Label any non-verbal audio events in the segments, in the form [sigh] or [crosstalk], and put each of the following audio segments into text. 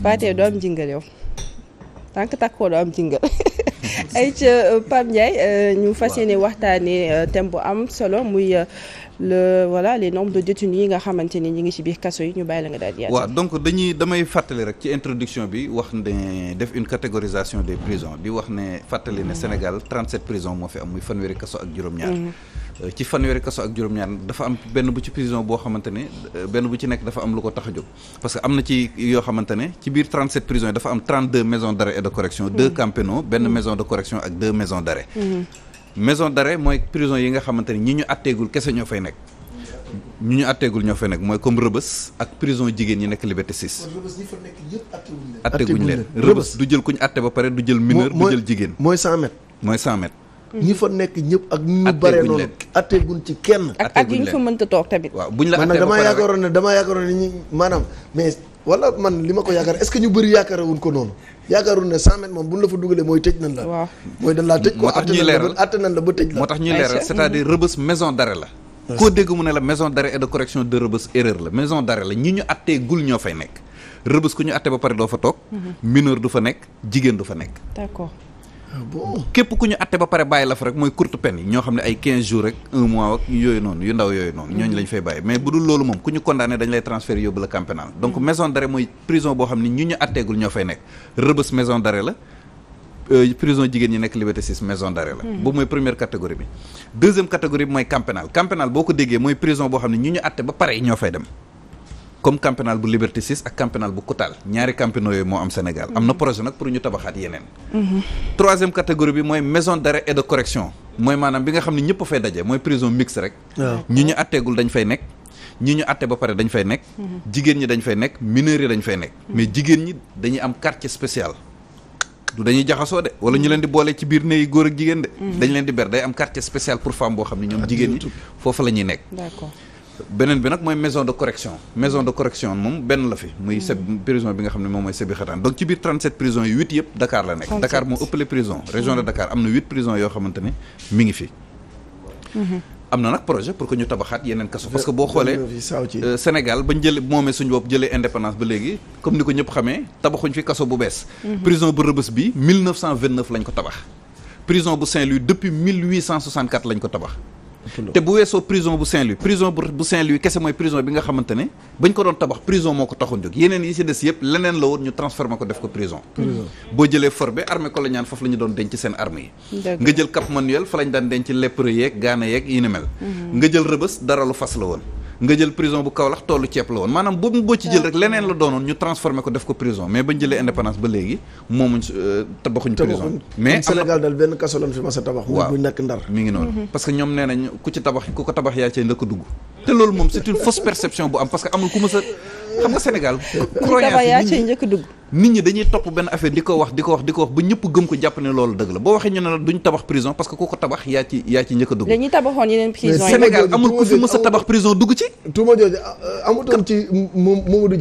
Pathé doo am jingal yow tànk takkoo doo am jingal [laughs] ay ca euh, Pape Ndiaye euh, ñu fas yéene waxtaanee euh, thème bu am solo muy le voilà les nombres de détenus yi nga xamante ni ñu ngi ci biir kaso yi ñu bàyyi la nga daal di. waaw donc dañuy damay fàttali rek ci introduction bi wax ne def une catégorisation des prisons di wax ne fàttali ne Sénégal 37 prisons moo fi am muy fanweeri kaso ak juróom-ñaar. Mm-hmm. ci fanweeri kaso ak juróom-ñaar dafa am benn bu ci prison boo xamante benn bu ci nekk dafa am lu ko tax a jóg parce que am na ci yoo xamante ne ci biir 37 prisons yi dafa am 32 maisons d'arrêt et de correction. Mm. deux camps pénaux benn mm. maison de correction ak deux maisons d'arrêt. Mm-hmm. maison d'arrêt mooy prison yi nga xamante ne ñi ñu àtteegul kese ñoo fay nekk. ñi ñu àtteegul ñoo fay nekk mooy comme rëbës ak prison jigéen ñi nekk liberté 6. kon rëbës ñi fa nekk leen. rëbës du jël ku ñu ba pare du jël mineur du jël jigéen. mooy 100 mètres. mooy ñi fa nekk ñëpp ak ñu ñu fa mënta toog tamit waaw buñ la man nag damaa yaakaaroon ne damaa yaakaaroon ne ñi maanaam mais wala man ko yaakaar est-ce que ñu bëri yaakaarewuñ la fa dugalee mooy tëj ba atte mm-hmm. maison d'arrêt de correction de Rebeuss erreur la maison d'arrêt la ñi ñu attee gul ñoo fay nekk Rebeuss ku ñu atte ba pare doo fa toog mm-hmm. mineur du fa nekk jigéen du fa nekk Ah, képp ku ñu atte ba pare bàyyi la fa rek mooy courte peine yi ñoo xam ne ay 15 jours rek un mois ak yooyu noonu yu ndaw yooyu noonu ñooñu lañ fay bàyyi mais bu dul loolu moom ku ñu condamné dañ lay transférer yóbbu la camp pénal donc mm. maison d'arrêt mooy prison boo xam ne ñu ñu atteegul ñoo fay nekk rëbës maison d'arrêt la euh, prison jigéen ñi nekk liberté 6 maison d'arrêt la mm. boobu mooy première catégorie bi deuxième catégorie bi mooy camp pénal boo ko déggee mooy prison boo xam ne ñu ñu atte ba pare ñoo fay dem comme camp bu Liberté 6 ak camp pénal bu Koutal ñaari camp pénal yooyu moo am Sénégal. am na projet nag pour ñu tabaxaat yeneen. Mhm. troisième catégorie bi mooy maison d'arrêt et de correction. mooy maanaam bi nga xam ne ñëpp a fa daje mooy prison mixte rek. ñi ñu atteegul dañ fay nekk. ñi ñu atte ba pare dañ fay nekk. Mhm. jigéen ñi dañ fay nekk mineurs yi dañ fay nekk. Mhm. mais jigéen ñi dañuy am quartier spécial. dañuy jaxasoo de wala ñu leen di boole ci biir néeyi góor ak jigéen ne ñoom jigéen ñi la ñuy nekk. beneen bi nag mooy maison de correction maison de correction moom benn la fi muy seb hmm. prison bi nga xam ne moom mooy sebi xataan donc ci biir 37 prisons yi 8 yëpp Dakar la nekk Dakar moo ëppale prison région de Dakar am na 8 prisons yoo xamante ne mi ngi fi hmm. am na nag projet pour que ñu tabaxaat yeneen kaso parce que boo xoolee euh, Sénégal bañ jële moomee suñu bopp jëlee indépendance ba léegi comme ni ko ñëpp xamee tabaxuñ fi kaso bu bees hmm. prison te bu weesoo prison bu Saint-Louis prison bu Saint-Louis kese mooy prison bi nga xamante ne bañ ko doon tabax prison moo ko taxoon jóg yeneen yi ci des yëpp leneen la woon ñu transformé ko def ko prison boo jëlee Forbé armée coloniale foofu la doon denc seen armée yi nga jël Cap Manuel fa lañ daan denc lépreux yeeg gaana yeeg yi mhm. nga jël Rebeuss dara lu fas la woon nga jël prison bu Kaolack toolu ceeb la woon maanaam boobu boo ci jël rek ah. leneen la doonoon ñu transformé ko def ko prison mais bañ jëlee indépendance ba léegi moomuñ euh, tabaxuñ prison mais Sénégal daal benn kaso fi mas a tabax waaw nekk ndar mi ngi noonu mhm. parce ñoom nee nañ ku ci tabax ku ko tabax yaa cay ndëkk dugg te loolu moom c'est une fausse perception bu am parce amul ku mës xam nga Sénégal croyance yaa cay njëkk dugg nit ñi dañuy topp benn affaire di ko wax di ko wax di ko wax ba ñëpp gëm ko jàpp ne loolu dëgg la boo waxee ñu ne la duñ tabax prison parce que ku ko tabax yaa ci yaa ci njëkk a dugg. dañuy tabaxoon yeneen prison yi Sénégal amul ku a tabax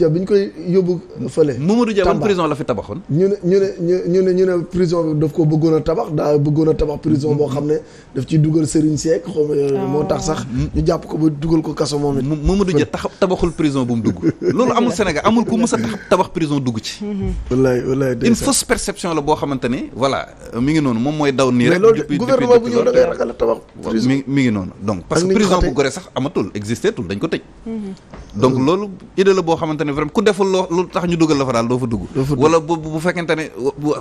ñu koy yóbbu fële. Tamba Mamadou Dia ban prison la fi tabaxoon. ñu ne ñu ne ñu ne ñu ne prison daf ko bëggoon a tabax daa bëggoon a tabax prison boo xam ne daf ciy dugal Serigne Seck xaw euh, moo tax sax. Ah. ñu jàpp ko ba dugal ko kaso moom it. Mamadou Dia tabaxul prison bu mu dugg loolu amul Sénégal amul ku mës a tabax prison dugg ci mhm. Mhm. wallaay wallaay une fausse perception la boo xamante ni voilà mi ngi noonu moom mooy daw nii rek. depuis gouvernement bu ñëw da ngay ragal tabax. mi mi ngi noonu donc. parce prison bu Gorée sax amatul existé dañ ko tëj. Mhm. donc loolu idée la boo xamante ne ku deful loo tax ñu dugal la fa daal doo fa dugg. wala bu bu fekkente ne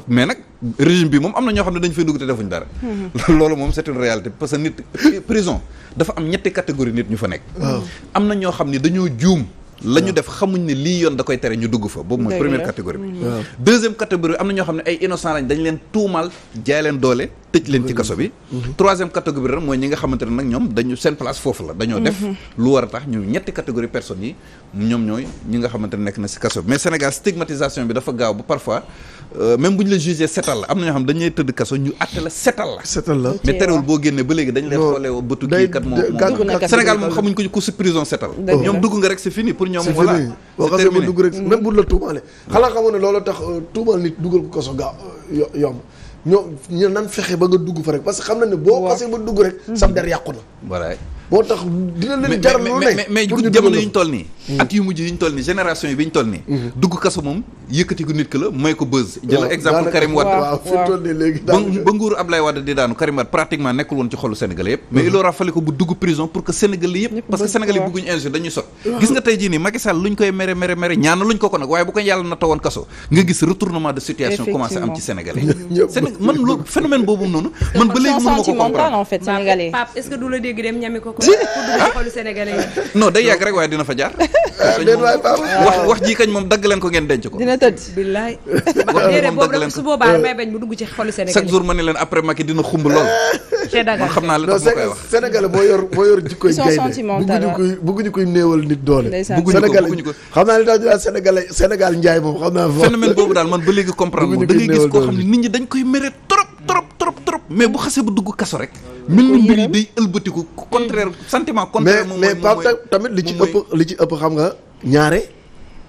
mais nag régime bi moom am na ñoo xam ne dañ fay dugg te defuñ dara. Mhm. loolu moom c'est une parce que nit prison dafa am la ñu def xamuñ ne lii yoon da koy tere ñu dugg fa boobu mooy première catégorie bi mm. deuxième catégorie am na ñoo xam ne ay innocent lañ dañ leen tuumaal jaay leen doole tëj leen ci kaso bi mmh. Mmh. troisième catégorie ren mooy ñi nga xamante ne nag ñoom dañu seen place foofu la dañoo def mmh. lu war a tax ñu ñetti catégorie personnes yi ñoom ñooy ñi nga xamante ne nekk na si kaso bi mais Sénégal stigmatisation bi dafa gaaw ba parfois euh, même bu ñu la jugé setal la am na ñoo xam dañ lay tëdd kaso ñu àtte la setal la setal la mais terewul boo génnee ba léegi dañ lay xoolee bëtu kii kat moom Sénégal moom setal oh. ñoom dugg nga rek c'est fini pour ñoom ñoo ñu nan fexe ba nga dugg fa rek parce que xam na ne boo passé ba dugg rek hmm. sam der yàqu na boo tax mais jamono yu ñu toll nii hmm. at yu mujj yu ñu toll nii génération yi bi ñu toll nii hmm. dugg kaso moom yëkkati ko nit ki la may ko buzz jël exemple Karim Wade waaw fi toll nii léegi di daanu Karim Wade pratiquement nekkul woon ci xolu Sénégalais yëpp mais hmm. il aura ko bu dugg prison pour que Sénégalais yëpp parce que Sénégalais yi bëgguñu injure dañuy sot gis nga tey jii nii Macky Sall luñ koy mere mere mere ñaana luñ ko ko nag waaye bu ko si [laughs] non day yàgg rek waaye dina fa jaar. [laughs] Ah, wax wax ji kañ moom dagg leen ko ngeen denc ko. dina tëdd billaay. [laughs] wax su boobaa damay bañ leen après Macky dina xumb lool. te yor moo yor jikkoy gaynde koy bëgguñu koy néewal nit doole. bëgguñu ko xam naa li tax ñu boobu daal man ba léegi comprendre moom da ngay gis koo xam ne nit ñi dañ koy mere trop trop trop trop mais bu xasee bu dugg kaso rek mel ni mbir yi day ëlbatiku contraire sentiment contraire moom mais mais tamit li ci ëpp li ci ëpp xam nga ñaare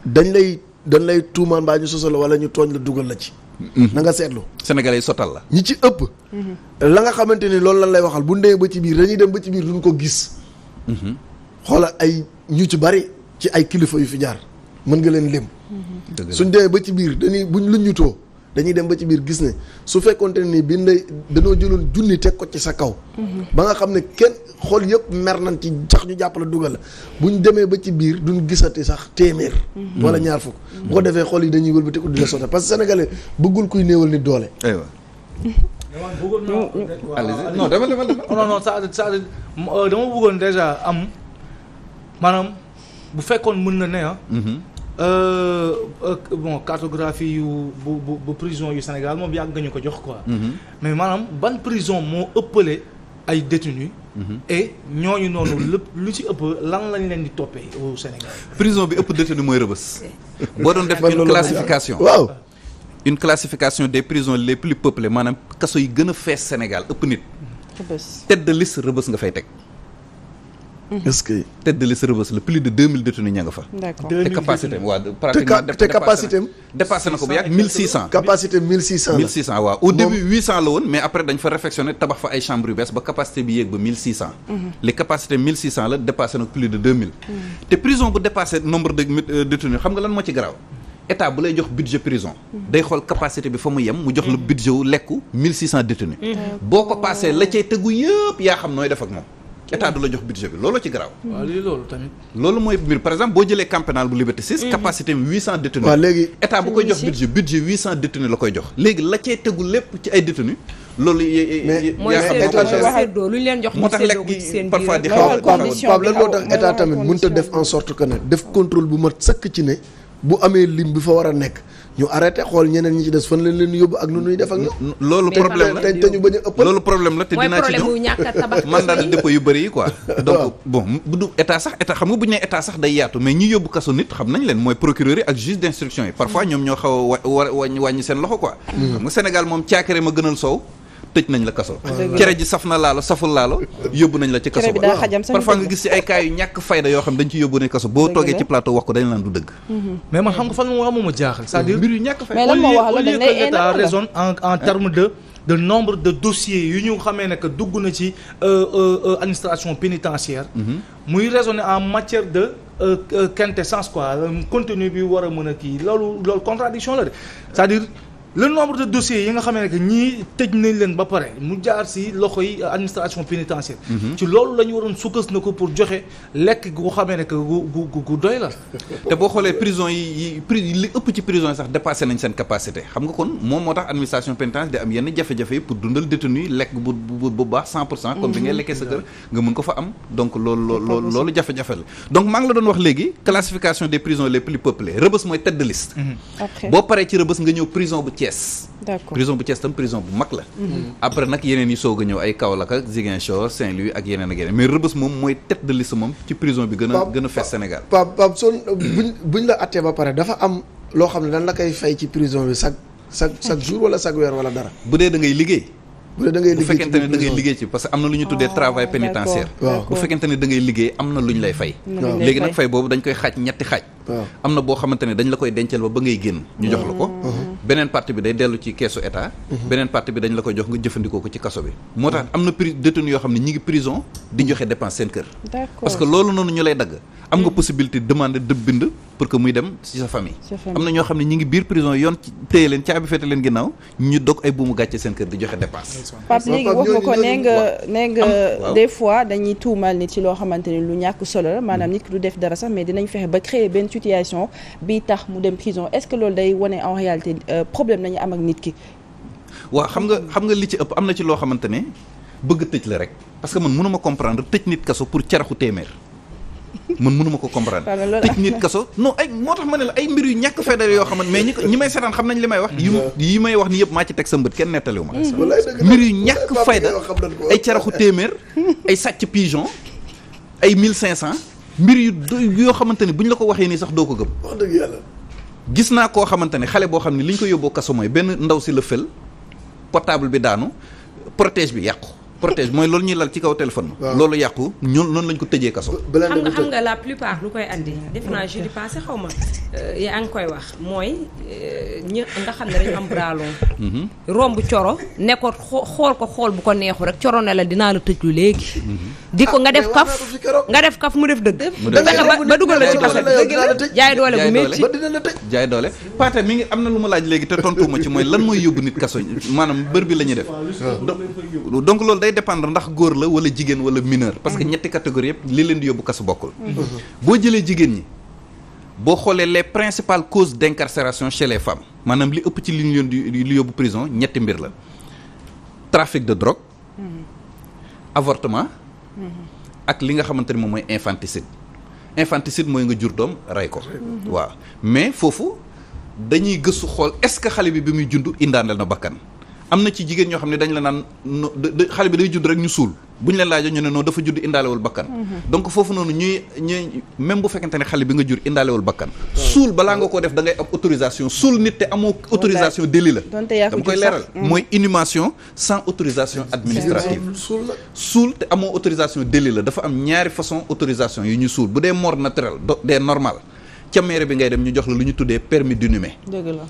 dañ lay dañ lay tuumaan mbaa ñu sosal wala ñu tooñ la dugal la ci mhm. na nga seetlu sénégalais yi sotal la ñi ci ëpp mhm. la nga xamante ni loolu lan lay waxal bu ndee ba ci biir dañuy dem ba ci biir duñ ko gis mhm. xoola ay ñu ci bari ci ay kilifa yu fi jaar mën nga leen lim suñ demee ba ci biir dañuy buñ luñ ñu too dañuy dem ba ci biir gis ne su fekkonte ni bi ndey dañoo jëloon junni teg ko ci sa kaw. ba nga xam ne kenn xool yëpp mer nañ ci sax ñu jàppale dugal la bu ñu demee ba ci biir du gisati sax téeméer. wala ñaar fukk. bu ko defee xool yi dañuy wëlbati ko di la sotti parce que sénégalais bëggul kuy néewal nit doole. aywa. dama bëggoon naa. non dama dama dama. non non ça ça euh, bëggoon déjà am maanaam bu fekkoon mën na ne ah. mm-hmm. Euh, euh, bon cartographie yu bu bu bu prison yu Sénégal moom yàgg nga ñu ko jox quoi. Mhm. mais maanaam ban prison moo ëppale ay détenus. Mhm. et ñooñu noonu lépp lu ci ëpp lan lañ leen di toppee au Sénégal. prison bi ëpp détenu mooy rëbës. boo doon def [laughs] une classification waaw. une classification des prisons les plus peuplées maanaam kaso yi gën a fees Sénégal ëpp nit. tête de liste rëbës nga fay teg. Mhm. est-ce que. la plus de 2000 détenus ña nga fa. te capacité am te capacité am. na ko ba yàgg 1600. la waaw au mais après dañ fa réfectionné tabax fa ay chambres yu bees ba capacité bi yéeg ba 1600. Mhm. les la dépassé na plus de 2000. Mhm. te prison bu dépassé nombre de euh, détenus xam nga lan moo ci garaaw. état bu lay jox budget prison day xool capacité bi fa mu yem mu jox la budget wu lekku 1600 détenus boo ko état du la jox budget bi looloo ci garaaw. waaw lii loolu tamit. loolu mooy mbir par exemple boo jëlee camp pénal bu Liberté 6. capacité am 800 détenus. waaw léegi état bu koy jox budget budget 800 la koy jox. léegi la cee tegu lépp ci ay détenus loolu. yaa xam ne luñ leen jox moo tax lekk gi parfois di xaw a lan moo tax état tamit mënut a def en sorte que ne def contrôle bu mat sëkk ci ne bu amee lim bi fa war a nekk. ñu arrêté xool ñeneen ñi ci des fan lañ leen yóbbu ak nu ñuy def ak ñoom. loolu problème la te a ëppal dinaa ci ñëw [laughs] mandat de dépôt yu bëri yi quoi [laughs] donc bon bu du état sax état xam nga bu ñu nee état sax day yaatu mais ñi yóbbu kaso nit xam nañ leen mooy procureur yi ak juge d'instruction yi parfois ñoom ñoo xaw a wa wàññi seen loxo quoi mm. xam nga Sénégal moom caakare ma gënal soow tëj nañ la kaso cere ji saf na laalo saful laalo yóbbu nañ la ci kaso ba parfois nga gis ci ay cas yu ñàkk fayda yoo xam dañ ci yóbbu ne kaso boo toogee ci plateau wax ko dañ laan du dëgg mhm. mais man xam nga fan moo mooma jaaxal mhm. mbir yu ñàkk fayda au lieu que l'État raisonne en terme de de nombre de dossiers yu ñu xamee ne que dugg na ci euh, euh, euh, administration pénitentiaire mhm. muy raisonner en matière de quintessence quoi contenu bi war a mën a kii loolu loolu contradiction la de cest à le nombre de dossiers yi nga xamee ne que tëj nañ leen ba pare mu jaar si loxo yi administration pénitentiaire mhm. ci loolu la ñu waroon sukkas na ko pour joxe lekk gu xamee ne que gu gu gu doy la. te boo xoolee prison yi yi li ëpp ci prison yi sax dépassé nañ seen capacité xam nga kon moom moo tax administration pénitentiaire di am yenn jafe-jafe yi pour dundal détenu yi lekk bu bu bu baax 100 pour cent comme bi ngay lekkee sa kër nga mun ko fa am donc la doon wax léegi classification de liste. Mhm. boo paree ci Thiès. prison bu Thiès tam prison bu mag la. Mhm. après nag yeneen yi soog a ay Kaolack ak Ziguinchor Saint-Louis ak yeneen ak yeneen mais Rebeuss moom mooy tête de liste moom ci prison bi. gën a gën a fees Sénégal. Pape Pape bu dee da liggéey. bu dee da liggéey bu fekkente ne da liggéey ci parce que am na lu ñu tuddee ah, travail pénitentiaire. bu fekkente ne da liggéey am na lu ñu lay fay. léegi nag fay boobu dañ koy xaaj ñetti xaaj am na boo xamante ne la koy dencal ba ba ngay génn ñu jox la ko uh-huh. beneen partie bi day dellu ci keesu état uh-huh. beneen partie bi dañ la koy jox nga jëfandikoo ko ci kaso bi moo tax am na pri détenu yoo xam ñu lay dagg am nga possibilité demander de bind pour que muy dem ci sa famille am na ñoo xam ne ñi ngi biir prison yoon téye leen caabi fete leen ginnaaw ñu dog ay buumu gàcce seen kër di joxe dépense Pape léegi wax ko nee nga situation bi tax mu dem prison est-ce que loolu day wane en réalité euh, problème la am ak nit ki. waaw xam nga xam nga li ci ëpp am na ci loo xamante ne bëgg tëj la rek parce que man mënuma comprendre tëj nit kaso pour caraxu téeméer man mënuma ko comprendre tëj nit kaso non ay moo tax ma ne la ay mbir yu ñàkk feddal yoo xamante mais ñi ñi may seetaan xam nañ li may wax yu yi may wax ni yëpp maa ci teg sa mbët kenn nettaliwu ma mm-hmm. mbir yu ñàkk fayda ay caraxu téeméer ay sàcc pigeon mille cinq cent mbir yu yoo xamante ne bu ñu la ko waxee nii sax doo ko gëm. gis naa koo xamante ne xale boo xam ne li ñu ko yóbboo kaso mooy benn ndaw si la fël portable bi daanu protège bi yàqu. protège mooy loolu ñuy lal ci kaw téléphone. loolu yàqu ñun noonu ko tëjee kaso. xam nga xam nga la plupart lu koy andi. def naa jeudi passé xaw ma. Euh, yaa ngi koy wax mooy euh, ñi nga xam ne dañu am bras long. Mhm. romb coro ne ko xool ko xool bu ko neexu rek coro ne la dinaa la tëj lu léegi. Mhm. di ko nga ah, def kaf nga def kaf mu def dëgg. mu def dëgg ba dugal la ci kaso jaay doole bu métti jaay doole paate mi ngi am na lu ma laaj léegi te tontu ci lan mooy yóbbu nit kaso maanaam bër bi la ñuy day dépendre ndax góor la wala jigéen wala mineur parce que mhm. ñetti catégorie yëpp li leen di yóbbu kasu bokkul mhm. Mhm. boo jëlee jigéen ñi boo xoolee les principales causes d'incarcération chez les femmes maanaam li ëpp ci li ñu leen di li yóbbu prison ñetti mbir la trafic de drogue avortement ak li nga xamante ni moom mooy infanticide infanticide mooy nga jur doom rey ko waaw mais foofu dañuy gëstu xool est-ce que xale bi bi muy jund indaaneel na bakkan am na ci jigéen ñoo xam ne dañ la naan no xale bi day judd rek ñu suul bu ñu leen laajoo ñu ne non dafa judd indaalewul bakkan mm-hmm. donc foofu noonu ñuy ñuy même bu fekkente ne xale bi nga jur indaalewul bakkan suul balaa nga koo def da ngay am autorisation suul nit te amoo autorisation délit la dama koy mm-hmm. mooy inhumation sans autorisation administrative suul te amoo autorisation délit la dafa am ñaari façon autorisation yu ñu suul bu dee moor naturelle des normal ca mairie bi ngay dem ñu jox la lu ñu tuddee permis d'inhumer dëgg la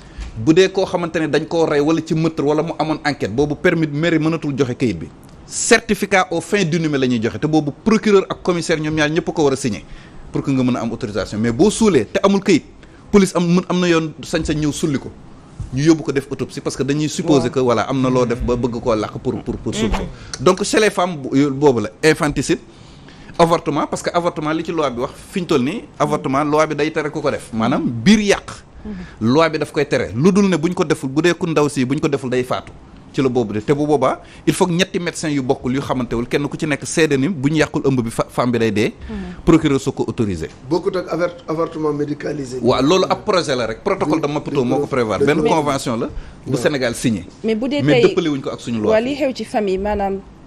bu dee koo xamante ne dañ koo rey wala ci meurtre wala mu amoon enquête boobu permis mairie mënatul joxe kayit bi certificat aux fins d'inhumer la ñuy joxe te boobu procureur ak commissaire ñoom ñaar ñëpp ko war a signer pour que nga mën a am autorisation mais boo suulee te amul kayit police am mun am na yoon sañ-sañ ñëw sulli ko ñu yóbbu ko def autopsie parce que dañuy supposer ko voilà am na loo def ba bëgg ko làq pour pour pour suul ko mm-hmm. donc chez les euh, la infanticide avortement parce que avortement li ci loi bi wax fi toll nii avortement loi bi day tere ku ko def maanaam biir yàq. loi bi daf koy tere lu dul ne buñ ko deful bu dee ku ndaw si buñ bu ñu yàqul ëmb bi femme bi day dee. Mm-hmm. procureur soo ko autorisé. bokkut loolu ab projet la rek. protocole de Maputo moo ko prévoir benn convention la. bu Sénégal signé. mais bu dee tey mais dëppale ko ak suñu loi. li xew ci famille maanaam.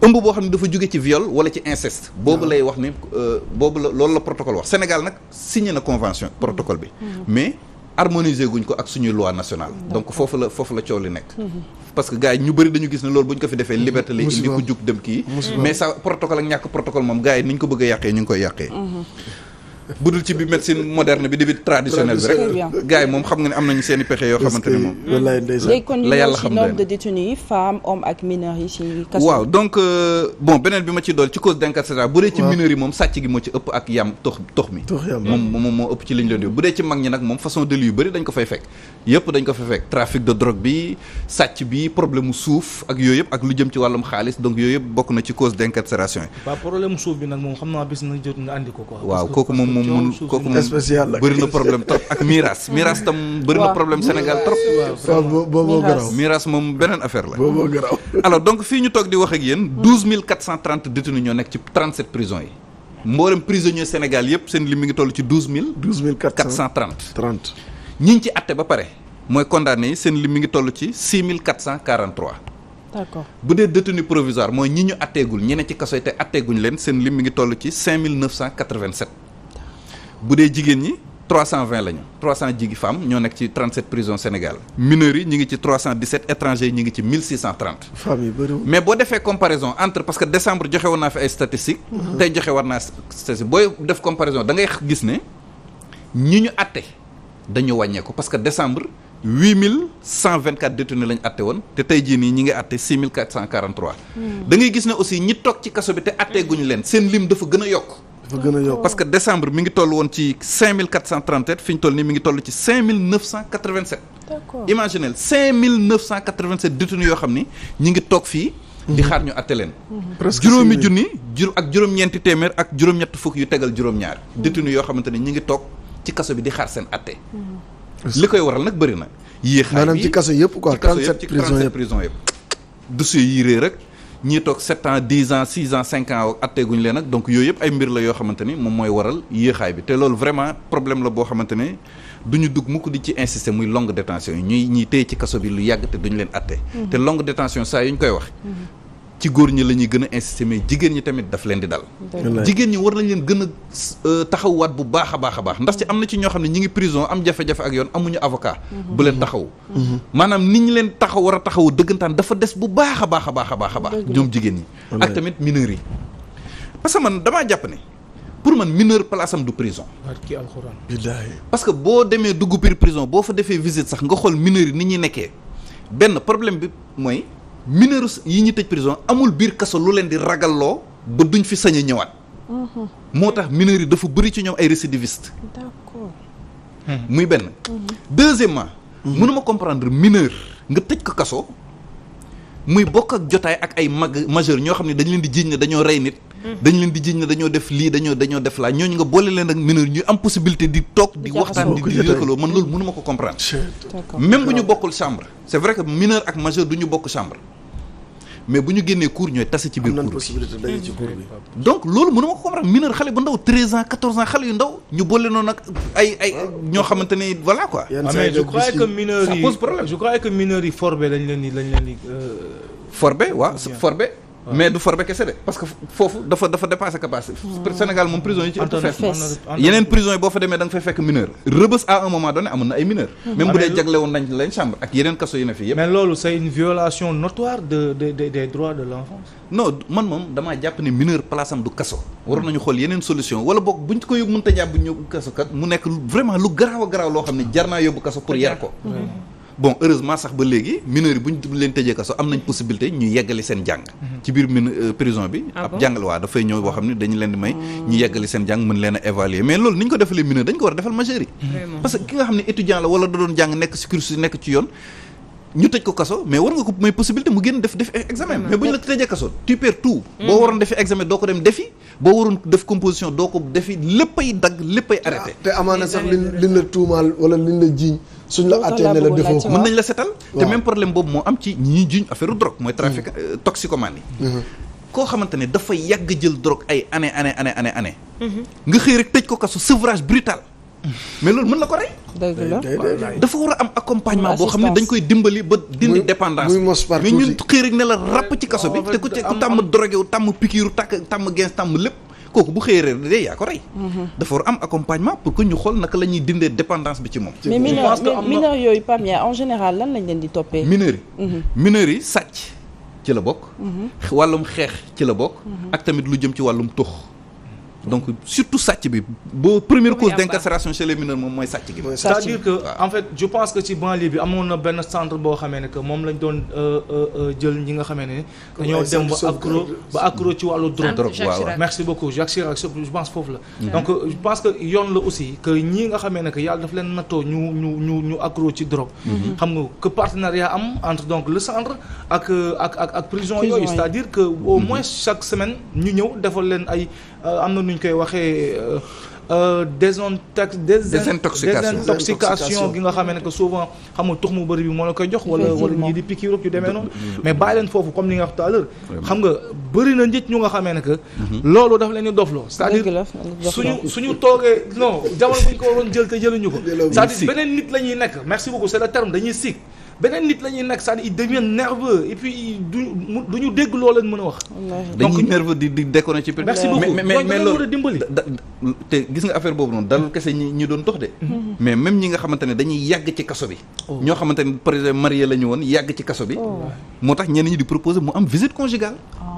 ëmb boo xam ne dafa jóge ci viol wala ci inceste boobu lay wax ni euh, loolu la protocole wax Sénégal nag signé na convention protocole bi mm-hmm. mais harmoniser guñ ko ak suñuy loi nationale mm-hmm. donc foofu la foofu la coow li nekk mm-hmm. parce que yi ñu bëri dañu gis ne loolu bu ñu ko fi defee liberté lay ku jug dem kii mais sa protocole ak ñàkk protocole moom gars yi ni ñu ko bëgg a yàqee ñu ngi koy yàqee bu dul ci bi médecine moderne bi di bi traditionnelle bi rek gars yi moom xam nga ne am nañu seen i pexe yoo xamante ne moom léegi kon ñu ñëw ci nombre de détenus yi femmes hommes ak mineurs yi ci kaso waaw donc euh, bon beneen bi ma ci dool ci cause d'incarcération bu dee ci mineurs yi moom sàcc gi moo ci ëpp ak yam tox tox mi moom moom moo ëpp ci liñ leen di bu dee ci mag ñi nag moom façon délit yu bëri dañ ko fay fekk yëpp dañ ko fay fekk trafic de drogue bi sàcc bi problème mu suuf ak yooyu yëpp ak lu jëm ci wàllum xaalis donc yooyu yëpp bokk na ci cause d'incarcération yi waaw problème suuf bi nag moom xam naa bis na jot nga andi ko quoi waaw kooku moom moom mënu kooku moom spécial la bëri problème trop ak miiras miiras tam bëri problème Sénégal trop booboo moom beneen affaire la booboo [laughs] donc fii ñu toog di wax ak yéen douze mille quatre cent trente détenus ñoo nekk ci trente sept prisons yi mboolem prisonnier Sénégal yëpp seen lim mi ngi toll ci douze mille douze mille quatre cent trente trente ñi ngi atte ba pare mooy condamné yi seen lim mi ngi toll ci six mille quatre cent quarante trois d'accord bu dee détenu provisoire mooy ñi ñu atteegul ñi ne ci kaso yi te atteeguñ leen seen lim mi ngi toll ci cinq mille neuf cent quatre bu dee jigéen ñi 320 lañu 300 jigi femmes ñoo nekk ci 37 prisons Sénégal mineurs yi ñu ngi ci 317 étrangers yi ñu ngi ci 1630. femmes yi bëriwul mais boo defee comparaison entre parce que décembre joxe woon naa fi ay statistiques. Mhm. tey joxe war naa statistique booy def comparaison da ngay gis ne ñi ñu àtte dañu wàññeeku parce que décembre. huit mille cent vingt quatre détenus lañ atte woon te tey jii nii ñi ngi atte six mille quatre cent quarante trois hmm. da ngay gis ne aussi ñi ci kaso bi te attee guñu lim dafa gën a yokk dafa gën a yokk parce que décembre mi ngi toll woon ci cinq mille quatre cent trente sept fi ñu toll nii mi ngi toll ci cinq mille neuf cent quatre yoo xam ni ñi ngi toog fii. di xaar ñu àtte leen. Mhm. Mhm. presque juróomi junni jur ak juróom-ñeenti téeméer ak juróom-ñett fukk yu tegal juróom-ñaar. Mhm. détenus yoo xamante ni ñi ngi toog ci kaso bi di xaar seen àtte. li koy waral nag bëri na. yéexaay bi maanaam ci kaso yëpp yëpp ci 37 prison yëpp. dossiers yi rek. ñii toog 7 ans 10 ans 6 ans 5 ans atteeguñu leen nag donc yooyu yëpp ay mbir la yoo xamante moom mooy waral yéexaay bi te loolu vraiment problème la boo xamante ne ñu dugg mukk di ci insister muy longue détention yi ñuy ñiy téye ci kaso bi lu yàgg te duñu leen atte mm-hmm. te longue détention saa yu ñu koy wax mm-hmm. ci góor ñi la ñuy gën a insisté jigéen ñi tamit daf leen di dal jigéen ñi war nañ leen gën a euh, taxawwaat bu baax a baax a baax ndax ci am na ci ñoo xam ne ñi ngi prison am jafe-jafe ak yoon amuñu avocat mm-hmm. bu leen taxaw mm-hmm. maanaam ni ñi leen taxaw war a taxaw dëggantaan dafa des bu baax a baax a baax a a baax ñoom jigéen ñi ak tamit mineurs yi parce que man damaa jàpp ne pour man mineur place am du prison. parce que boo demee dugg prison boo fa defee visite sax nga xool mineurs ni ñuy nekkee benn problème bi mooy mineurs yi ñu tëj prison amul biir kaso lu leen di ragalloo ba duñ fi sañ ñëwaat. Mhm. moo tax mineurs yi dafa bëri ci ñoom ay récidivistes. Hmm. muy benn. Mhm. deuxièmement. Mhm. mënuma comprendre mineur nga tëj ko kaso. muy bokk ak jotaay ak ay mag majeur ñoo xam ne dañu leen di jiiñ ne dañoo rey nit. Hmm. dañu leen di jiiñ ne dañoo def lii dañoo dañoo def laa ñooñu nga boole leen ak mineur ñuy am possibilité di toog di waxtaan di di lëkkaloo man loolu mënuma ko comprendre. même ñu bokkul chambre. c'est vrai que mineur ak majeur du ñu bokk chambre. mais bu ñu génnee cour ñooy tase ci biir cour possibilité daje ci cour bi donc loolu mënu ma ko comprendre mineur xale bu ndaw 13 ans 14 ans xale yu ndaw ñu boole noonu nag ay ay ñoo xamante ne voilà quoi ah, mais je crois que mineurs yi ça pose problème je crois que mineurs yi forbe lañ leen di euh, forbe mais du forbe kese parce que foofu dafa dafa dépassé capacité Sénégal moom prison yi ci ëpp fees fa demee da nga fay fekk mineur rëbës à un moment donné amoon na ay mineur même bu dee jagle woon nañ lañ chambre ak yeneen kaso yi ne fii yëpp mais loolu c'est une violation notoire de de des droits de l'enfance non man moom damaa jàpp ne mineur place am du kaso waroon nañu xool yeneen solution wala boog buñ ko yóbbu mënta jàpp bu ñëw kaso kat mu nekk vraiment lu garaaw a garaaw loo xam ne jar naa bon heureusement sax ba léegi mineurs yi bu ñu leen tëjee kaso am nañ possibilité ñu yeggali seen jàng mhm. ci biir min euh, prison bi ah ab jàngal waa dafay ñëw boo xam ne dañu leen di may ñu oh. yeggali seen jàng mën leen a évaluer mais loolu ni ñu ko defalee mineur dañ ko war a defal majeur yi parce que ki nga xam ne étudiant la wala da doon jàng nekk ci cursus nekk ci yoon ñu tëj ko kaso mais war nga ko may possibilité mu génn def def examen mais bu ñu boo waroon def composition doo ko defi léppay dagg léppay arrêté. Ah, te amaana sax liñ liñ la tuumaal wala liñ la jiiñ. suñ la attee ne la defoo mën nañ la setal. te même problème boobu moo am ci ñi jiiñ affaire drogue mooy trafic mm-hmm. euh, toxicomanie yi. Mm-hmm. koo xamante ne dafa yàgg jël drogue ay année année année année. Mm-hmm. nga xëy rek tëj ko kasu sevrage brutal. mais loolu mën na ko rey. dafa war a am accompagnement boo xam ne dañ koy dimbali ba dindi dépendance mais ñun xëy rek ràpp ci kaso bi te ku ci ku tàmm drogué tàmm pikiiru tàkk tàmm gens tàmm lépp kooku bu xëyee rek dee yaa ko rey. Mhm. dafa war am accompagnement pour que ñu xool naka la ñuy dindee dépendance bi ci moom. mais mineur mineur di toppee. mineur yi. Mhm. mineur yi sàcc ci la bokk. Mhm. wàllum xeex ci la bokk. ak tamit lu jëm ci wàllum tux donc surtout sàcc bi boo première cause d'incarcération chez les moom mooy sàcc gi. c'est-à-dire que ah. en fait je pense que ci banlieue bi amoon na benn centre boo xamee ne moom lañ doon euh, euh, euh, jël ñi nga xamee ne. dañoo dem ba accro ba accro ci wàllu drogue. merci beaucoup Jacques Chirac je pense foofu la. Mm-hmm. donc je pense que yoon la aussi que ñii nga xamee ne que yàlla daf leen nattoo ñu ñu ñu ñu accro ci drogue. Mm-hmm. xam nga que partenariat am entre donc le centre ak ak ak prison yooyu. cest à que au mm-hmm. moins chaque semaine ñu ñëw defal leen ay ñu koy waxee euh, euh, désintox désintoxication désintoxication gi nga xam ne que souvent xam nga tux mu bëri bi moo la koy jox. wala wala ñii di piqûre yu demee noonu. mais bàyyi leen foofu comme li nga wax tout à l'heure xam nga bëri na nit ñu nga xamee ne que. Mhm. loolu daf leen di dofloo. c'est-à-dire suñu suñu toogee non jamono bu ñu ko waroon jël te jëluñu ko. c'est-à-dire beneen nit la ñuy nekk merci beaucoup c'est le terme dañuy sikk. beneen nit la ñuy nekk cest à nerveux et puis duñu mu dégg loo leen mën a wax. dañuy nerveux di di déconné ci. merci beaucoup mais mais mais loolu dimbali. te boobu noonu dalul kese doon tox de. Mm-hmm. mais même ñi nga xamante ne dañuy yàgg ci kaso bi. Oh. ñoo xamante ne par exemple marié la ñu woon yàgg ci kaso bi. Oh. moo tax ñenn ñi di proposer mu am visite conjugale. Ah.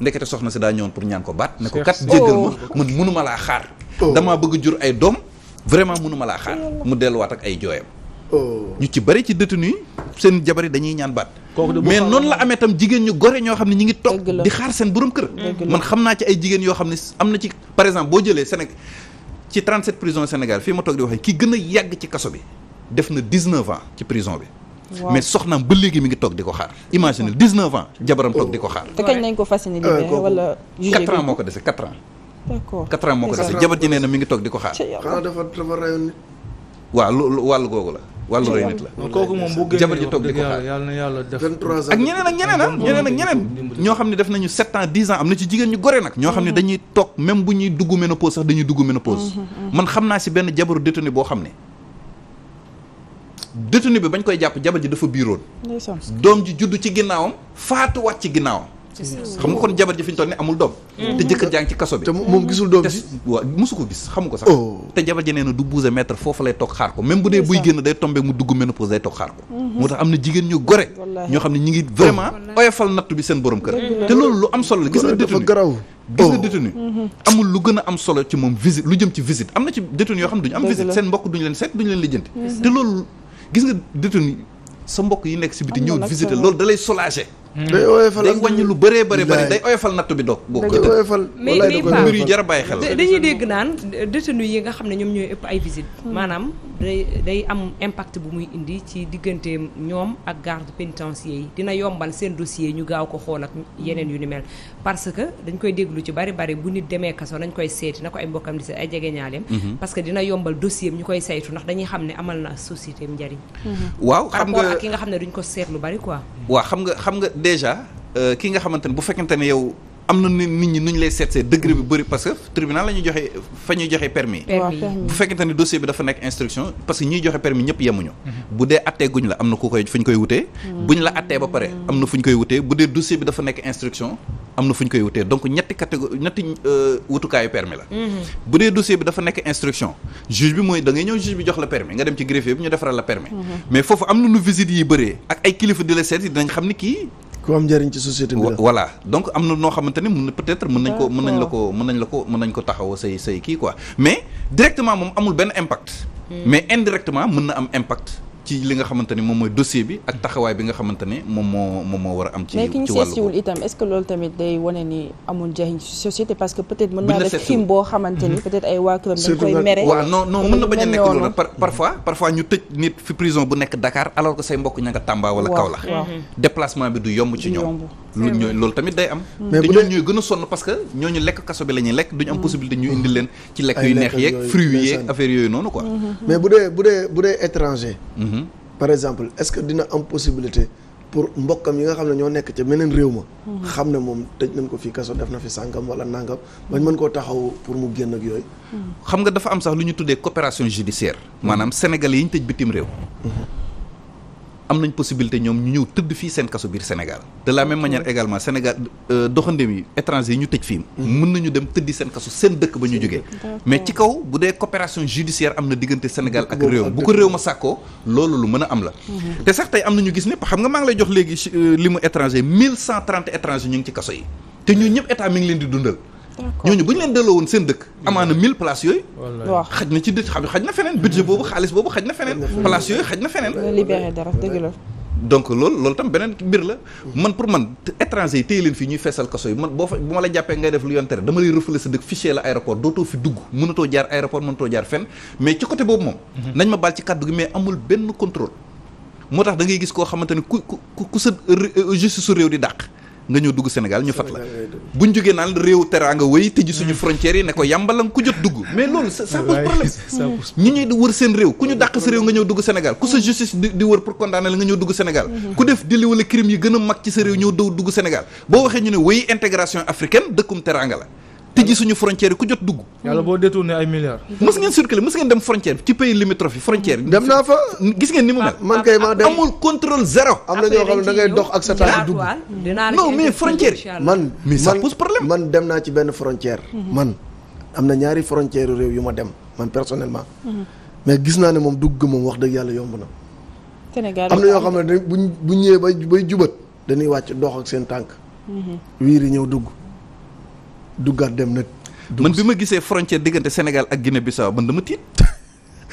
ndekete soxna si daa ñëwoon pour ñaan ko baat ne ko kat jéggal ma oh. man mënuma laa xaar oh. damaa bëgg jur ay doom vraiment mënuma laa xaar oh. mu delluwaat ak ay jooyam ñu ci bari ci détenu yi seen jabar yi dañuy ñaan baat mais noonu la amee tam jigéen ñu gore ñoo xam ne ñi ngi toog di xaar seen borom kër man xam naa ci ay jigéen yoo xam ne am na ci par exemple boo jëlee Sénégal ci 37 prison Sénégal fii ma toog di waxee ki gën a yàgg ci kaso bi def na 19 ans ci prison bi mais soxnaam ba léegi mi ngi toog di ko xaar imagine 19 ans jabaram toog di ko xaar te kañ nañ ko fas euh, nee mi ngi toog di ko xaar xanaa dafa dafa rayoon googu la wàllu rey nit la jabar ji toog di ko xaar yàlla na yàlla def ak ñeneen ak ñeneen ah, ak ñeneen ñoo xam ne def nañu sept ans dix ans am na ci jigéen ñu gore nag ñoo xam ne dañuy toog même bu ñuy dugg ménopause sax dañuy dugg ménopause mm-hmm, mm-hmm. man xam naa si benn jabaru détenu boo xam ne détenu bi bañ koy jàpp jabar ji dafa biiroon doom ji judd ci ginnaawam faatuwaat ci ginnaawam xam nga kon jabar ji fi ñu toll ni amul doom mm-hmm. te jëkkër jaa ngi ci kaso bi moom gisul doom ji waaw mosu ko gis xamu ko sax oh. te jabar ji nee du bouger mètre foofu lay toog xaar ko même bu dee buy génn day tombé mu dugg ménopause day toog xaar ko mm-hmm. moo tax am na jigéen ñu gore ñoo xam ne ñi ngi vraiment oyofal natt bi seen borom kër te loolu lu am solo la oh. mm-hmm. lu gën a am solo ci moom visite lu jëm na ci yoo xam ne duñu am visite gis nga détenu sa mbokk yi nekk si biti ñëw visiter loolu da lay soulager Hmm. day oyofal lu bëree bëri bëri nattu bi doog. boo koy oyofal dañuy dégg naan détenu yi nga xam ne ñoom ñooy ëpp ay visite hmm. maanaam day am impact bu muy indi ci diggante ñoom ak garde pénitentiaire yi dina yombal seen dossier ñu gaaw ko xool ak yeneen yu ni mel parce que dañ koy déglu ci bari bari bu nit demee kaso nañ koy seeti na ko ay mbokkam di seet ay jegeñaaleem hmm. parce que dina yombal dossier ñu koy saytu ndax dañuy xam ne amal na société njariñ waaw ak ki nga seet lu bari waaw xam nga xam déjà euh, ki nga xamante bu fekkente ne yow am na nit ñi nu ñu lay seetsee degré bi bëri parce tribunal la joxe fa ñuy joxe permis bu fekkente ne mhm. mhm. dossier bi dafa nekk instruction am na fu ñu koy wutee donc ñetti catégorie ñetti euh, wutukaayu permis la mhm. bu dee dossier bi dafa nekk instruction juge bi mooy da ñëw juge bi jox la permis nga dem ci greffier bi ñu defaral la permis mais foofu am na nu visite yi bëree ak ay kilifa di la seet yi dinañ xam ni ku am njëriñ ci société bi voilà donc am na noo xamante ni mën na peut-être mën nañ ko mën nañ la ko mën nañ la ko mën nañ ko taxaw say say kii quoi mais directement moom amul benn impact hmm. mais indirectement mën na am impact ci li nga xamante moom mooy dossier bi ak taxawaay bi nga xamante ne moom moo moom moo war a am. Mhm. a nekk loolu par parfois parfois ñu tëj nit fi prison bu nekk Dakar alors que say mbokk ña nga Tamba wala Kaolack déplacement bi du yomb ci ñoom lu ñooy loolu tamit day am te ñoom ñooy gën a sonn parce que ñooñu lekk kaso bi la lekk duñu am mm. possibilité ñu indil leen ci lekk yu neex yeeg fruits yu yeeg affaire yooyu noonu quoi mm-hmm. mais bu dee bu dee étranger mm-hmm. par exemple est-ce que dina am possibilité pour mbokkam yi nga xam ne ñoo nekk ci meneen réew ma mm-hmm. xam ne moom tëj nañ ko fii kaso def na fi sàngam wala nangam bañ mën koo taxaw pour mu génn ak yooyu xam nga dafa am sax lu ñu tuddee coopération judiciaire maanaam sénégalais yi ñu tëj bitim am nañ possibilité ñoom ñu ñëw tëdd fii seen kaso biir Sénégal de la même manière également Sénégal euh, doxandéem yi étranger yi ñu tëj fii mm-hmm. mën nañu dem tëddi seen kaso seen dëkk ba ñu jógee mais ci kaw bu dee coopération judiciaire am na diggante Sénégal ak réew bu ko réew ma sàkkoo loolu lu mën a am la mm-hmm. te sax tey am na ñu gis ñëpp xam nga maa ngi lay jox léegi euh, li mu étranger mille cent trente étranger ñu ngi ci kaso yi te ñoo ñëpp état mi ngi leen di dundal ñooñu bu ñu leen delloo woon seen dëkk amaana mille places yooyu xaj na ci dëj xaj na feneen budget boobu xaalis boobu xaj na feneen place yooyu xaj na feneen libéré dara dëgg tam beneen mbir la man pour man étranger yi téye leen fii ñuy feesal kaso yi boo fa bu ma la jàppee ngay def lu yoon tere dama lay refoulé sa dëkk fichier la dootoo fi dugg mënatoo jaar aéroport mënatoo jaar fenn mais ci côté boobu moom mhm. nañ ma baal ci kàddu gi mais amul di dàq nga ñëw dugg senegal ñu fat la buñ jógee naan réew teraanga wéy tëj suñu mm. frontières yi ne ko yàmbalan ku jot dugg mais loolu ça pose [laughs] ñuy di wër seen réew ku ñu dàq sa réew nga ñëw dugg Sénégal ku sa mm. justice di wër pour condamner la nga ñëw dugg Sénégal mm-hmm. ku def délit wala crime yi gën a mag ci sa réew ñëw dugg Sénégal boo waxee ñu ne wéy intégration africaine dëkkum teraanga la tëjji suñu frontière yi ku jot dugg. yàlla boo détourné ay milliards. mës ngeen circuler mës ngeen dem frontière ci pays limitrophe yi dem naa fa gis ngeen ni mu mel. Ah, man kay ma dem amul contrôle zéro. am na ñoo xam ne da ngay dox ak sa tànk dugg. non mais frontière man mais ça man dem naa ci benn frontière. Mhm. man am na ñaari frontière réew yu ma dem man personnellement. Mhm. mais gis naa ne moom dugg moom wax dëgg yàlla yomb na. Sénégal am na ñoo xam ne dañ bu ñu bu ñëwee bay bay jubat dañuy wàcc dox ak seen tànk. Mhm. wiir yi ñëw dugg. duggaat dem na. man bi ma gisee frontière diggante senegal ak Guinée-Bissau man dama tiit.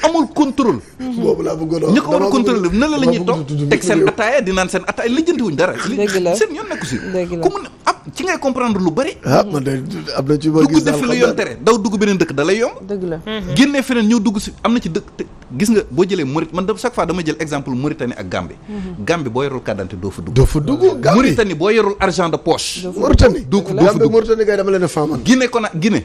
amul contrôle. [laughs] boobu a wax ko war a contrôlé na la la ñuy toog teg seen ataaya di naan seen ataaya lijjanti dara. dëgg la seen yoon nekku si. ci ngay comprendre lu bëri. Ah, dugg def fi la yoon tere daw dugg beneen dëkk da lay yomb. dëgg mhm. feneen ñëw dugg si am na ci dëkk gis nga boo jëlee Maurit ak Gambie. Mhm. Gambie boo yorul carte doo fa dugg. doo fa dugg Gambie boo yorul argent de poche. dugg doo fa dugg Gambie Mauritanie dama leen a faaman. Guinée Conakry Guinée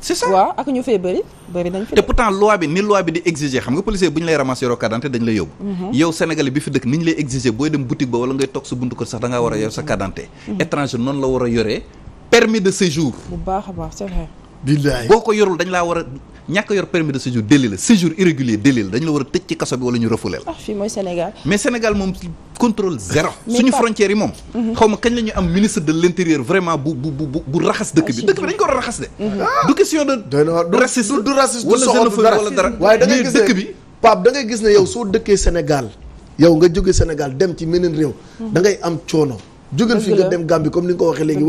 c'est ça waaw ak ñu fee bëri bëri nañ fi te pourtant loi bi ni loi bi di exiger xam nga policier bu ñu lay ramasser yoroo carte dañ lay yóbbu mhm. yow sénégalais bi fi dëkk ni ñu lay exiger booy dem boutique ba wala ngay toog sa buntu kër sax da war a yor sa carte mhm. étranger noonu la war a yoree permis de séjour boo ko yorul dañ laa war ñàkk yor permis de séjour délit la irrégulier délit la dañu la war a tëj ci kaso bi wala ñu refoulé ah, mais Sénégal moom contrôle zéro. suñu frontières yi moom. Mhm. xaw kañ la am ministre de l' intérieur vraiment bu bu bu bu raxas dëkk bi ah, dëkk bi dañ ko war a raxas de. Mhm. Ah, du question de. du racisme du racisme wala xénophobie wala dara. waaye da ngay gis ne dëkk gis ne yow soo dëkkee Sénégal yow nga jóge Sénégal dem ci meneen réew. Mhm. da ngay am coono. jógal fi nga dem Gambie waxee léegi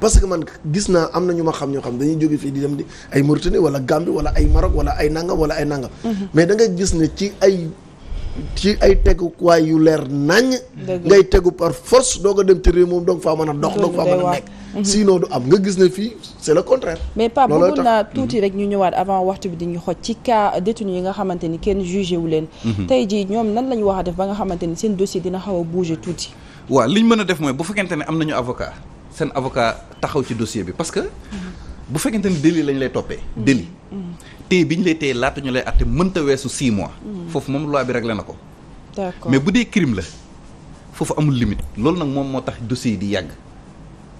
parce que man gis naa am na ñu ma xam ñoo xam dañuy jóge fii di dem di ay Mauritanie wala Gambie wala ay Maroc wala ay nangam wala ay nangam. Mhm. mais dangay gis ne ci ay ci ay teguwaay yu leer naññ. ngay tegu par force doo ko dem ci réew moom doo faa mën a dox. doo faa mën a nekk. Mhm. sinon du am nga gis ne fii c'est le contraire. mais Pape bëggoon naa tuuti mhm. rek ñu ñëwaat avant waxtu bi di ñu xoj ci cas détenu yi nga xamante ni kenn jugé wu leen. tey jii ñoom nan la ñu wax a def ba nga xamante ni seen dossier dina xaw a bouger tuuti. waaw li ñu mën a def mooy bu fekkente ne am nañu avocat seen avocat taxaw ci dossier bi parce que bu fekkente ni délit lañ lay toppee délit téye bi ñu lay téye laata ñu lay atte mënta weesu 6 mois foofu moom loi bi réglé na ko mais bu dee crime la foofu amul limite loolu nag moom moo tax dossier yi di yàgg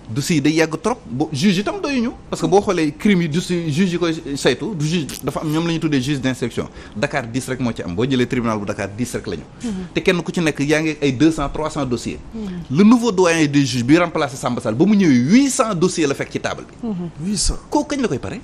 dossier yi day yàgg trop bo juge itam doyuñu parce que boo xoolee crime yi du juge yi koy saytu dafa am ñoom lañu ñu tuddee juge d'instruction Dakar 10 rek moo ci am boo jëlee tribunal bu Dakar 10 rek mhm. te kenn ku ci nekk yaa ngi ay 200 300 dossiers. Mhm. le nouveau doyen des juges bi remplacé Samba Sall ba mu ñëwee 800 dossiers la fekk ci table bi. 800 mhm. kañ la koy pare.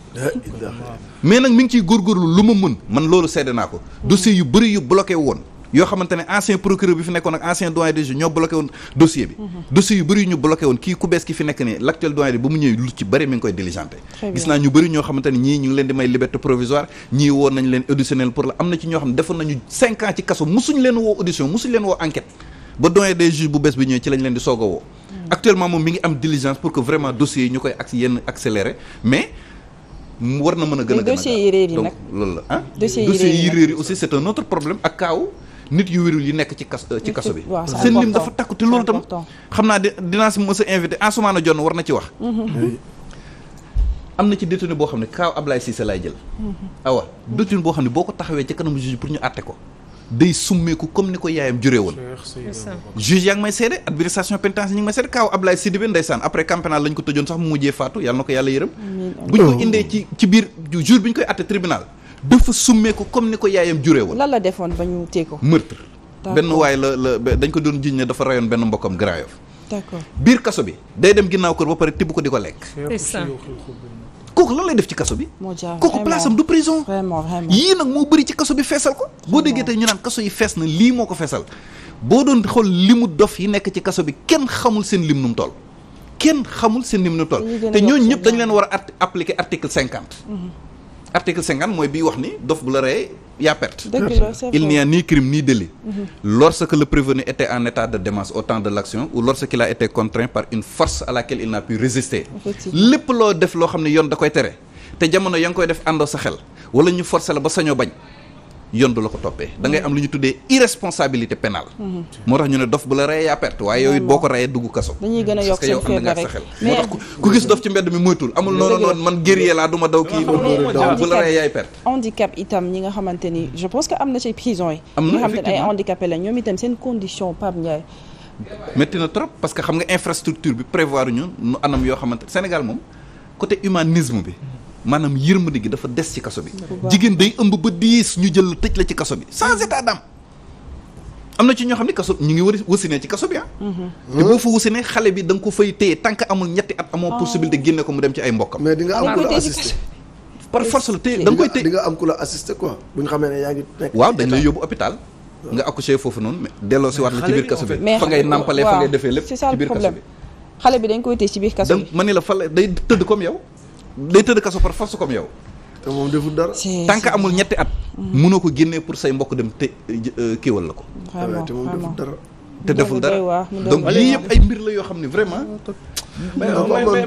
mais nag mi ngi ciy góorgóorlu lu ma mën man loolu sedd naa ko. dossiers yu bëri yu bloqué woon. yoo xamante ne ancien procureur bi fi nekkoon ak ancien doyen des juges ñoo bloqué woon dossier bi mhm. dossier yu bëri ñu woon kii ku bees ki fi nekk nii l'actuel doyen ba mu ñëwee lu ci bëri ngi koy diligenté gis naa ñu bëri ñoo ñii ñu leen di may liberté provisoire ñii woon nañ leen auditionnel pour la am na ci ñoo xam ne defoon nañu cinq ans ci kaso musuñ leen woo audition musuñ leen woo enquête ba doyen des juges bu nit yu wérul yi nekk ci kas euh, ci kaso bi seen lim dafa takku te loolu tam xam naa dinaa si mos a invité Ansoumana Dione war na ci wax mhm. am na ci détenu boo xam ne kaaw Ablaye Cissé laay jël mhm. boo xam ne ko taxawee ci kanam juge pour ñu àtte comme ni ko yaayam juree woon juge yaa ngi may seede administration pénitentiaire ñi ngi may seede kaaw ndeysaan après camp lañ ko tëjoon sax mu mujjee faatu yàlla na ko yàlla yërëm bu ñu ko oh. indee ci biir jour bi ñu koy àtte tribunal dafa summeeku comme ni ko yaayam juree woon. lan la defoon ba ñu téye ko. meurtre benn waay la la dañ ko doon jiñ ne dafa rayoon benn mbokkam Grand Yoff. biir kaso bi. day dem ginnaaw kooku lan lay def ci kaso bi. moo jaaxal kooku place am du prison. yii nag moo bëri ci kaso bi feesal ko. boo déggee tey ñu naan kaso yi fees na lii moo ko feesal. boo doon xool limu dof yi nekk ci kaso bi kenn xamul seen lim nu mu toll. kenn xamul seen lim nu mu toll. te ñooñu ñëpp dañu leen war a appliquer article article cinquante mooy bii wax ni dof bu la rey yaa perte il n'y a ni crime ni délit mhm. lorsque le prévenu était en état de démence au de l'action ou lorsqu'il a été contraint par une force à il n'a pu résister lépp loo def loo xam ne yoon da koy tere te jamono ya nga koy def àndoo sa xel wala ñu forcer la ba sañoo bañ yoon du la ko toppee da am lu ñu tuddee irresponsabilité pénale mhm. moo tax ñu ne dof bu la reyee yaa perte waaye yow it boo ko reyee dugg kaso parce que yow am sa xel mi moytul amul noonu noonu man guerrier ñi nga xamante ni je pense que am na ci prison yi am na effectivement ay handicapé la na trop parce que xam nga infrastructure bi prévoir ñu nu anam yoo xamante Sénégal moom côté humanisme bi maanaam yërmande gi dafa des ci kaso bi. jigéen day ëmb ba diis ñu jël tëj la ci kaso bi sans état d'âme. am na ci ñoo xam ne kaso ñu ngi war wasinee ci kaso bi ah. Mm-hmm. te boo fa wasinee xale bi da nga ko fay téye tant que amul ñetti at amoo oh. ko mu dem ci ay mbokkam. mais di nga am da nga koy téye di nga am ku la assisté dañ lay yóbbu ci biir kaso bi fa ngay nàmpalee fa ngay ci biir kaso bi xale bi dañ koy téye ci biir kaso bi ma ni la fa tëdd comme yow day tëdd kaso par force comme yow. te moom deful dara. tant que amul ñetti at. Mm-hmm. mënoo ko génnee pour say mbokk dem te euh, kéwal la ko. te moom deful dara. te deful dara donc lii yëpp ay mbir la yoo xam ne vraiment. Mm-hmm. mais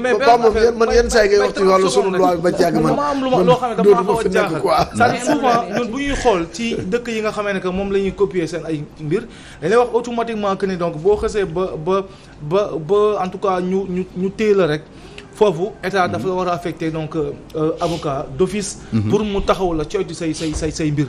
mais mais Pape moom yéen man yenn saa yi ngay wax sunu loi bi ba ci man. dama am lu ma loo xam ne dafa xaw a jaaxal quoi. bu ñuy xool ci dëkk yi nga xamee ne que moom la ñuy copier seen ay mbir dañ lay wax automatiquement que ni donc boo xasee ba ba ba ba en tout cas ñu ñu ñu téye la rek. foofu état dafa mhm. war a affecté donc euh, euh, avocat d'office mhm. pour mu taxaw la coytu say say say say mbir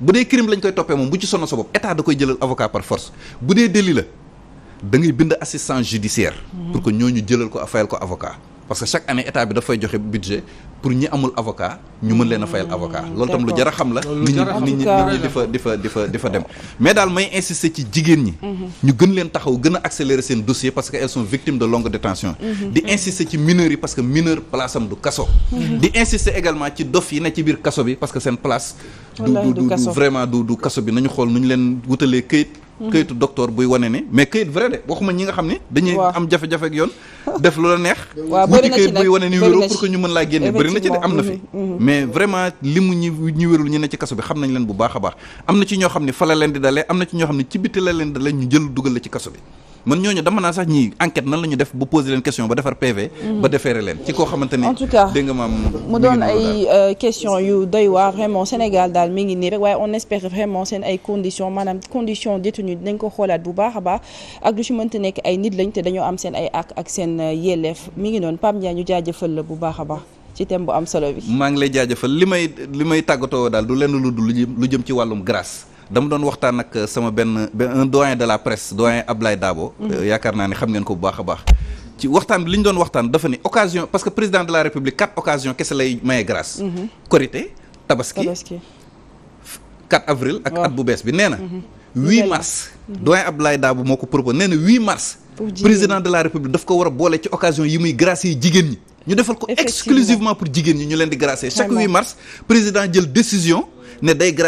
bu dee crime lañ koy toppee moom bu ci sonn sa bopp état da koy jëlal avocat par force bu dee délit la da ngay bind assistance judiciaire mm-hmm. pour que ñooñu jëlal ko fayal ko avocat parce que chaque année état bi dafay joxe budget pour ñi amul avocat ñu mën leen a fayal avocat loolu tam lu jar xam la nit ñi nit ñi di fa di fa di fa dem mais daal may insister ci jigéen ñi mhm. ñu gën leen taxaw gën a accélérer seen dossier parce que elles sont victimes de longue détention mhm. Mhm. di insister ci mineurs yi parce que mineur place am du kaso di insister également ci dof yi ne ci biir kaso bi parce que seen place du du du du du kaso bi nañu Mm-hmm. këyitu docteur buy wane ni mais kayit vrai de waxuma ñi nga xam ni dañuy am jafe-jafe yoon def lu la neex [laughs] wuti këyit buy wane ni wéroo ñu mën laa génne bëri na ci de am na fi mm-hmm. mais vraiment limu ñi ñu wérul ñu ne ci kaso bi xam nañ leen bu baax a baax am na ci ñoo xam ne fa la leen di dalee am na ci ñoo xam ne ci biti la leen dalee ñu jël dugal la ci kaso bi man ñooñu dama naa sax ñii enquête nan la ñu def ba poser leen question ba defar PV. Mm-hmm. ba defeere leen ci koo xamante ni. nga maam mu doon ay euh, question yu doy waa vraiment Sénégal daal mi ngi nii rek waaye on espère vraiment seen ay conditions maanaam conditions détenus dinañ ko xoolaat bu baax a baax ak du ci mënta nekk ay nit lañ te dañoo am seen ay ak ak seen euh, yelleef mi ngi noonu pam Ndiaye ñu jaajëfal la bu baax a baax. ci thème bu am solo bi. maa ngi lay jaajëfal li may li may tàggatoo daal du lenn lu dul lu jëm ci wàllum grâce. dama doon waxtaan nag euh, sama benn un doyen de la presse doyen Ablaye Dabo. Euh, mhm. yaakaar naa ne xam ngeen ko bu baax a baax. ci waxtaan bi li ñu doon waxtaan dafa ne occasion parce que président de la république quatre occasion kese lay maye grâce. Mhm. Korité tabaski tabaski. avril ak at bu bees bi nee na. 8 mhm. mars doyen Ablaye Dabo moo ko proposé nee na mars. président de la république daf ko war a boole ci occasion yi muy gracier jigéen ñi. ñu defal ko exclusivement pour jigéen ñi leen di gracier chaque 8 mars président jël décision ne day gracier.